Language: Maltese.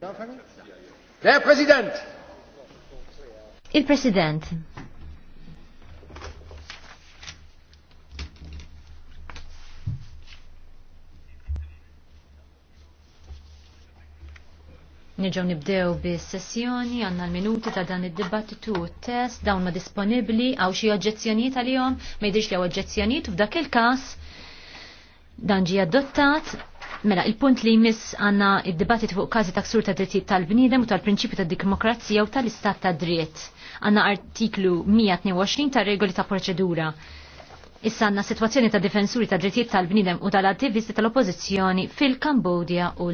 Der President! Il-President. Nġaw nibdew bis-sessjoni għanna l-minuti ta' dan id-dibattitu u test dawn ma disponibli għaw xi oġġezzjonijiet għalihom ma jidhirx li oġġezzjonijiet f'dak il-każ dan ġi adottat Mela, il-punt li jmiss għanna id-dibattit fuq kazi ta' ksur ta' drittijiet tal-bniedem u tal-prinċipju ta' demokrazija u tal-istat ta' dritt. Għanna artiklu 122 ta' regoli ta' proċedura. Issa għanna situazzjoni ta' difensuri ta' drittijiet tal-bniedem u tal-attivisti tal-oppozizjoni fil-Kambodja u